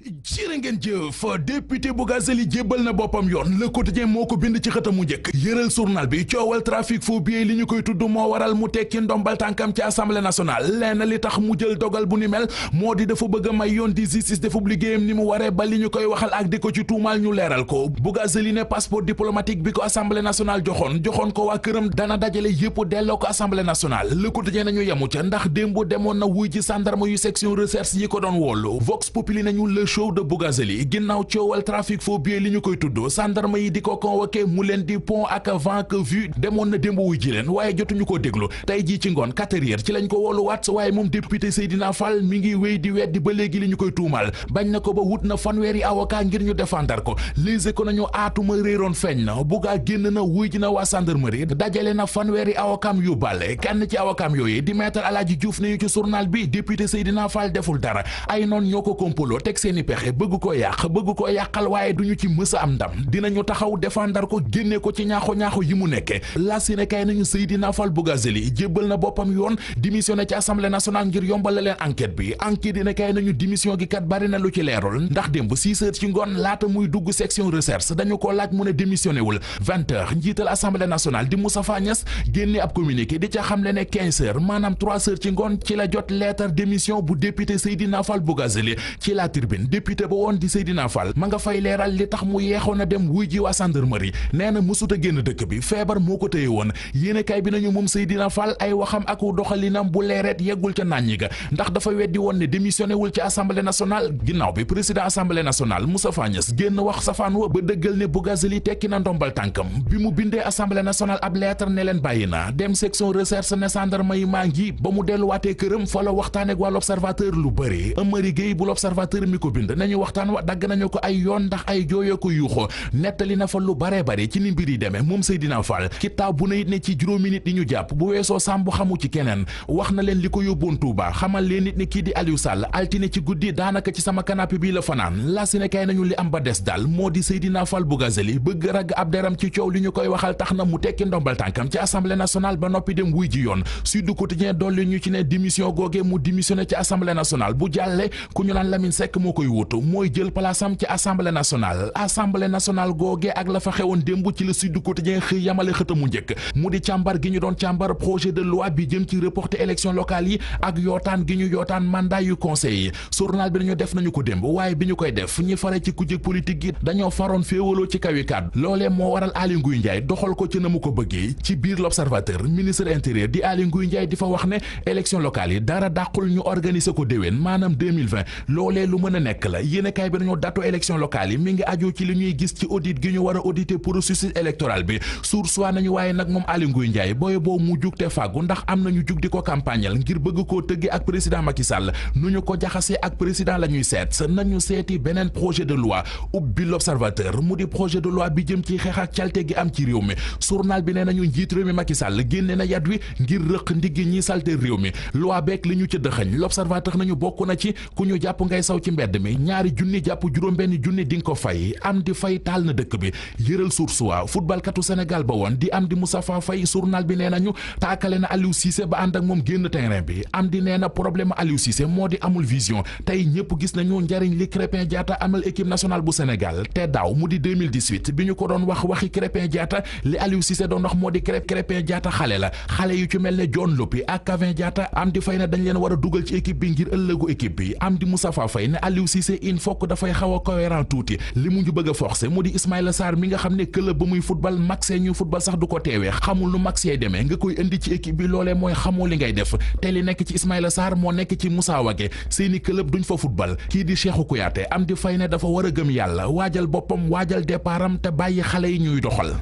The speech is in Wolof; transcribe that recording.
jërë ngeen jëf député Bougazelli jébbal na boppam yoon Le Quotidien moo ko bind ci xëtamu njëkk yëral journal bi coowal trafic faux billets li ñu koy tudd moo waral mu tekki ndombal tànkam ci assemblée nationale lenn li tax mu jël dogal bu ni mel moo di dafa bëgg may yoon di justice defub liggéeyam ni mu waree ba li ñu koy waxal ak di ko ci tuumaal ñu leeral ko Bougazelli ne passeport diplomatique bi ko assemblée nationale joxoon joxoon ko waa këram dana dajale yëpp delloo ko assemblée nationale Le Quotidien nañu yemu ca ndax démb demoon na wuy ji sandarma yu section recherche yi ko doon wóolu Vox Populi nañu show de Bougazelli ginnaaw coowal trafic faux li ñu koy tudd sandarma yi di ko convoqué mu leen di pont ak vent que vu demoon na démb wu ji leen waaye jotuñu ko déglu tey jii ci ngoon quatre heures ci lañ ko wooluwaat waaye moom député Seydina Fall mi ngi wéy di weddi ba léegi li ñu koy tuumaal bañ na ko ba wut na fanweeri avocat ngir ñu défendre ko lise ko nañu aatuma réeroon feeñ na Bouga génn na wuy ji na waa gendarmerie dajale na fanweeri awakam yu bale kenn ci awakam yooyu di maître Alaaji Diouf ne ñu ci journal bi député Seydina Fall deful dara ay noon ñoo ko kompolo teg seen seeni pexe bëgg koo yàq bëgg koo yàqal waaye du ñu ci mës a am ndam ñu taxaw défendar ko génne ko ci ñaaxo-ñaaxo yi mu nekke la si ne kay nañu Seydina Fall Bougazeli jébbal na boppam yoon démissionné ci assemblée nationale ngir yombale leen enquête bi enquête dina kay nañu démission gi kat bari na lu ci leerul ndax démb 6 heures ci ngoon laata muy dugg section recherche dañu ko laaj mu ne démissionné wul 20 heures njiital assemblée nationale di Moustapha Niasse génne ab communiqué di ca xamle ne 15 heures maanaam 3 heures ci ngoon ci la jot lettre démission bu député Seydina Fall Bougazeli ci la tribune député ba woon di Seydina Fall ma nga fay leeral li tax mu yeexoon a dem wuy ji waa gendarmerie nee na mësut a génn dëkk bi feebar moo ko téye woon yéenekaay bi nañu moom Seydina Fall ay waxam ak doxalinam bu leereet yeggul ca nàññi ñi ga ndax dafa weddi woon ne démissionné wul ci assemblée nationale ginnaaw bi président assemblée nationale Moustapha Niasse génn wax safaan wa ba dëggal ne Bougazeli tekki na ndombal tànkam bi mu bindee assemblée nationale ab lettre ne leen bàyyi na dem section recherche ne gendarme yi maa ngi ba mu delluwaatee këram fa la waxtaane ak waa lu bëri Amari Gueye bu l'observateur mi ko bind nañu waxtaan wa dagg nañu ko ay yoon ndax ay jooyee yuuxoo nettali na fa lu bare bare ci ni mbir yi moom Seydina Fall kitaab bu na ne ci juróomi nit ñu jàpp bu weesoo sàmbu xamu ci keneen wax na leen li ko yóbboon Touba xamal leen nit ne kii di Aliou Sall altine ci guddi daanaka ci sama canapé bii la fanaan la si ne kay nañu li am ba des daal moo di Seydina Fall Bougazelli bëgg ragg ab deram ci coow li ñu koy waxal tax na mu tekki ndombal wutu mooy jël palaasam ci assemblée nationale assemblée nationale googe ak la fa xewoon démb ci la Sud Quotidien xëy yamale xët mu njëkk mu di càmbar gi ñu doon càmbar projet de loi bi jëm ci reporter élection locale yi ak yootaan gi ñu yootaan mandat yu conseil yi journal bi nañu def nañu ko démb waaye bi ñu koy def ñi fare ci kujje politique gi dañoo faroon féewaloo ci kaw yi moo waral Aly Ngouille Ndiaye doxal ko ci na mu ko bëggee ci biir l'observateur a nekk la yéenekaay bi nañoo datu élection locale yi mi ngi aju ci li ñuy gis ci audit gi ñu war a auditer processus électoral bi source waa nañu waaye nag moom Aly Ngouille Ndiaye booy boo mu jug te fàggu ndax am nañu jug di ko campagnal ngir bëgg koo tëggi ak président Macky nu ñu ko jaxasee ak président la seet nañu seeti beneen projet de loi ubbi l'observateur mu di projet de loi bi jëm ci xeex ak calte gi am ci réew mi journal bi nee nañu njiit réew mi Macky Sall génne na yat wi ngir rëq ndiggi ñi salte réew mi loi beeg li ñu ci na ku ñu jàpp mi mi ñaari junni jàpp juróom-benn junni di nga ko fay am di fay taal na dëkk bi yëral source wa footballkatu Sénégal ba woon di am di Moustapha Faye journal bi nee nañu taakale na Aliou Cissé ba ànd ak moom génn terrain bi am di nee na problème Aliou Cissé moo di amul vision tey ñëpp gis nañu njariñ li Crépin Diatta amal équipe nationale bu Sénégal te daaw mu di 2018 bi ñu ko doon wax waxi Crépin Diatta li Aliou Cissé doon wax moo di Crép Crépin xale la xale yu ci mel ne John Lopy ak Kavin Diatta am di na dañ leen war a dugal ci équipe bi ngir ëllëgu Cissé il faut que dafay xaw a cohérent tuuti li mu ñu bëgg a forcé mu di Ismaïla Sarr mi nga xam ne club ba muy football maxee ñu football sax du ko teewee xamul lu max yee demee nga koy indi ci équipe bi loole mooy xamoo li ngay def te li nekk ci Ismaïla Sarr moo nekk ci Moussa Wagué seeni club duñ fa football kii di Cheikhou Kouyaté am di fay ne dafa war a gëm yàlla waajal boppam waajal départam te bàyyi xale yi ñuy doxal